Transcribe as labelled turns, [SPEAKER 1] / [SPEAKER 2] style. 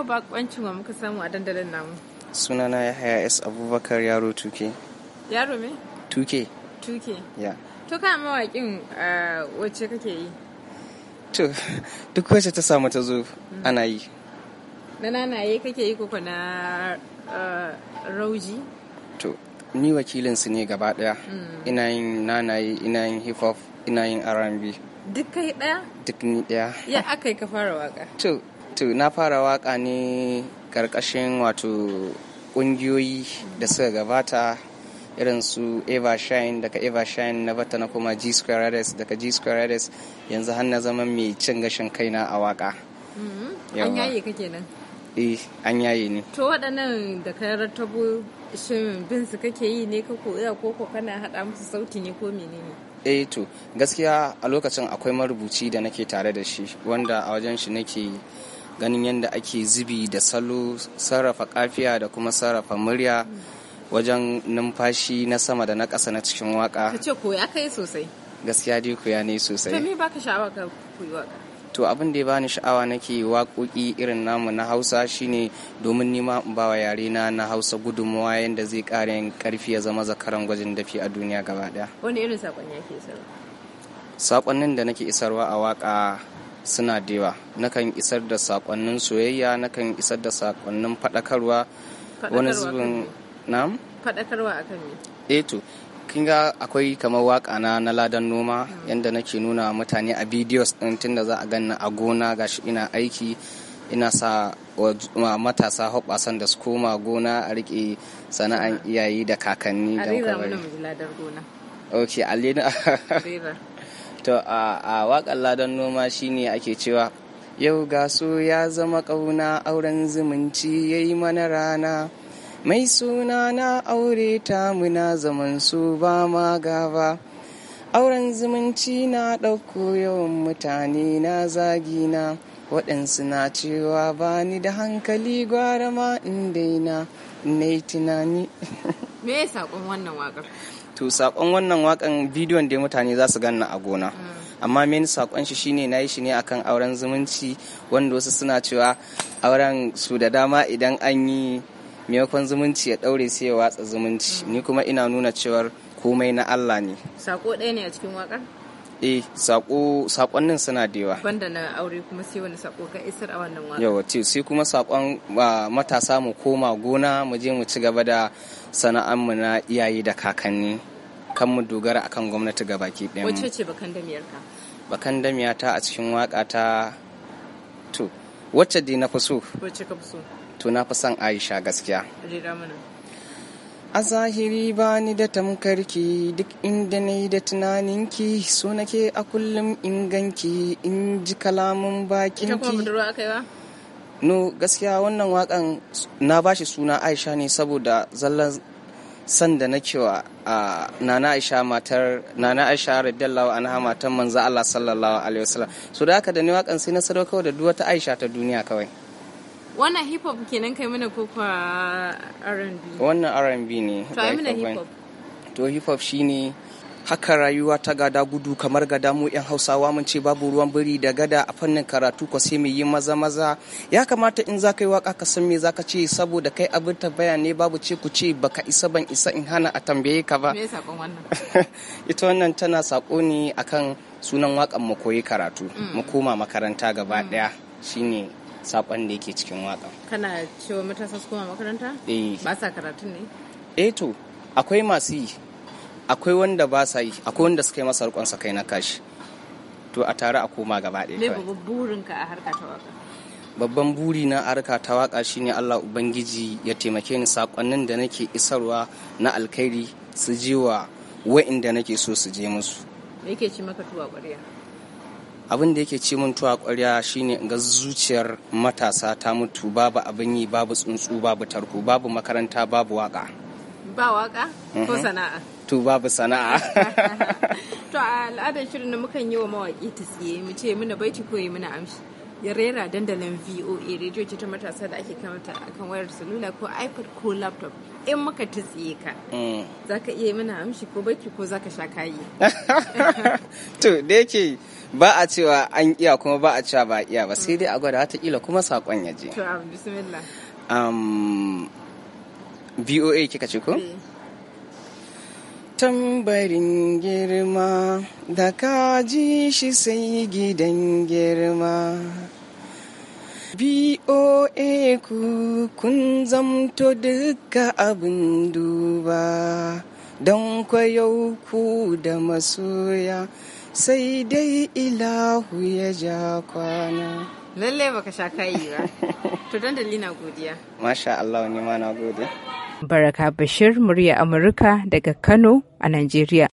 [SPEAKER 1] yau bakoncin wa muka samu a dandalin namu.
[SPEAKER 2] Sunana ya haya S Abubakar yaro tuke. Yaro me? Tuke. Tuke. Ya.
[SPEAKER 1] To ka mawaƙin uh, wacce kake yi?
[SPEAKER 2] To duk wacce ta samu ta zo mm. ana yi.
[SPEAKER 1] Na nanaye kake yi koko na uh, rauji?
[SPEAKER 2] To ni wakilin su ne gaba daya. Mm. Ina yin nanaye, ina yin hip hop, ina yin R&B.
[SPEAKER 1] Duk kai daya?
[SPEAKER 2] Duk ni daya.
[SPEAKER 1] Ya aka yi ka fara waka.
[SPEAKER 2] To wato na fara waka ne karkashin wato kungiyoyi da suka gabata irin su Eva Shine daga Eva Shine na bata na kuma G Square Radius daga G Square Radius yanzu hannu na zama mai cin gashin kaina a waka.
[SPEAKER 1] Mm-hmm. An yaye ka kenan.
[SPEAKER 2] Eh, an yaye ne.
[SPEAKER 1] To waɗannan da ka rattabo shin bin su kake yi ne ka koya ko ko kana haɗa musu sauti ne ko menene?
[SPEAKER 2] Eh to gaskiya a lokacin akwai marubuci da nake tare da shi wanda a wajen shi nake ganin yadda ake zubi da salo sarrafa kafiya da kuma sarrafa murya wajen numfashi na sama da na ƙasa na cikin waka ka
[SPEAKER 1] ce koya kai sosai
[SPEAKER 2] gaskiya dai koya ne sosai to me
[SPEAKER 1] baka sha'awa ka koyi waka
[SPEAKER 2] to abin da ya bani sha'awa nake waƙoƙi irin namu na hausa shine domin nima in bawa yare na na hausa gudunmawa yadda zai ƙara karfi ya zama zakaran gwajin dafi a duniya gaba ɗaya
[SPEAKER 1] wani irin saƙon yake isarwa
[SPEAKER 2] saƙonnin da nake isarwa a waƙa suna da yawa nakan isar da sakonnin soyayya nakan isar da sakonnin fadakarwa.
[SPEAKER 1] wani zubin nam fadakarwa akan
[SPEAKER 2] me eh to kin ga akwai kamar waka na na ladan noma hmm. yanda nake nuna mutane a videos din tunda za a ganna a gona gashi ina aiki ina sa wa matasa hoɓasan da su koma gona a riƙe sana'an hmm. iyaye da kakanni da muka bari. Ok, a to a waƙar ladan noma shine ake cewa yau gaso ya zama ƙauna auren zumunci ya yi mana rana mai suna na aure ta muna zaman su ba ma gaba auren zumunci na ɗauko yawan mutane na zagina waɗansu na cewa ba ni da hankali gwara ma in daina na tunani me ya
[SPEAKER 1] saƙon wannan waƙar
[SPEAKER 2] to sakon wannan wakan bidiyon da mutane za su ganna a gona mm. amma min sakon shi shine nayi shi ne akan auren zumunci wanda wasu suna cewa auren su da dama idan an yi maimakon zumunci ya daure sai ya watsa zumunci mm. ni kuma ina nuna cewar komai na Allah ne
[SPEAKER 1] sako ɗaya ne a cikin wakar
[SPEAKER 2] eh sako sakonnin suna da yawa
[SPEAKER 1] banda na aure kuma sai wani sako ka isar a wannan wani
[SPEAKER 2] yawa ce sai kuma sakon matasa mu koma gona mu je mu ci gaba da sana'an mu na iyaye da kakanni kan mu dogara akan gwamnati gabaki ɗaya wacce
[SPEAKER 1] ce bakan damiyar ka
[SPEAKER 2] bakan damiya ta a cikin waka ta to wacce dai na fi so wacce ka fi so to na fi son Aisha gaskiya rira mana a zahiri ba ni da tamkarki duk inda na yi da tunaninki so nake a kullum inganki in ji kalamun bakinki no gaskiya wannan wakan na bashi suna aisha ne saboda zallan sanda da na cewa a nana aisha matar nana aisha radiyallahu anha matan manzo Allah sallallahu alaihi wasallam so da haka da ni wakan sai na sadaukar da duwata aisha ta duniya kawai
[SPEAKER 1] wannan hip hop kenan kai mana ko kwa R&B
[SPEAKER 2] wannan R&B ne to ai mana hip hop to hip hop shine haka rayuwa ta gada gudu kamar gada mu 'yan hausawa mun ce babu ruwan biri da gada a fannin karatu ko sai mai yi maza maza ya kamata in za ka yi waka ka san me za ka ce saboda kai abin ta ne babu ce ku ce baka isa ban isa in hana a tambaye ka ba ita wannan tana sako ne akan sunan wakan mu koyi karatu mm. mu koma makaranta gaba daya mm. shine saƙon da yake cikin waƙan.
[SPEAKER 1] Kana cewa matasa su koma makaranta? Eh. Ba sa karatun ne?
[SPEAKER 2] Eh to, akwai masu yi, akwai wanda ba sa yi, akwai wanda suka yi masa rikon sa kai na kashi. To a tare a koma gaba ɗaya. Me babban
[SPEAKER 1] burinka a harka ta waƙa?
[SPEAKER 2] Babban buri na harka ta waƙa shine Allah Ubangiji ya taimake ni saƙonnin da nake isarwa na alkhairi su je wa wa'inda nake so su je musu.
[SPEAKER 1] Me yake ci maka tuwa ƙwarya?
[SPEAKER 2] abin da yake ce mun tuwa kwarya shine ga zuciyar matasa ta mutu babu abin yi babu tsuntsu babu tarko babu makaranta babu waka ba waka ko mm-hmm. sana'a to babu sana'a
[SPEAKER 1] to a al'adar shirin da mukan yi wa mawaƙi ta tsiye mu ce muna baiti ko yi muna amshi ya rera dandalin voa rediyo ce ta matasa da ake kamata akan wayar salula ko ipad ko laptop in muka ta tsiye ka mm. za ka iya yi mana amshi ko baki ko za ka sha kayi
[SPEAKER 2] to da yake ba a cewa an iya kuma ba a cewa ba a iya ba sai dai a gwada watakila kuma saƙon ya je um, boa um, kika ce ko tambarin girma da kaji shi sai gidan girma BOA ku kun zamto duka abin duba don kwayo ku da masoya sai dai ilahu ya ja kwana. Lalle baka sha kayi ba. To don na godiya. Masha Allah ni ma na gode.
[SPEAKER 1] Baraka Bashir murya Amurka daga Kano a Najeriya.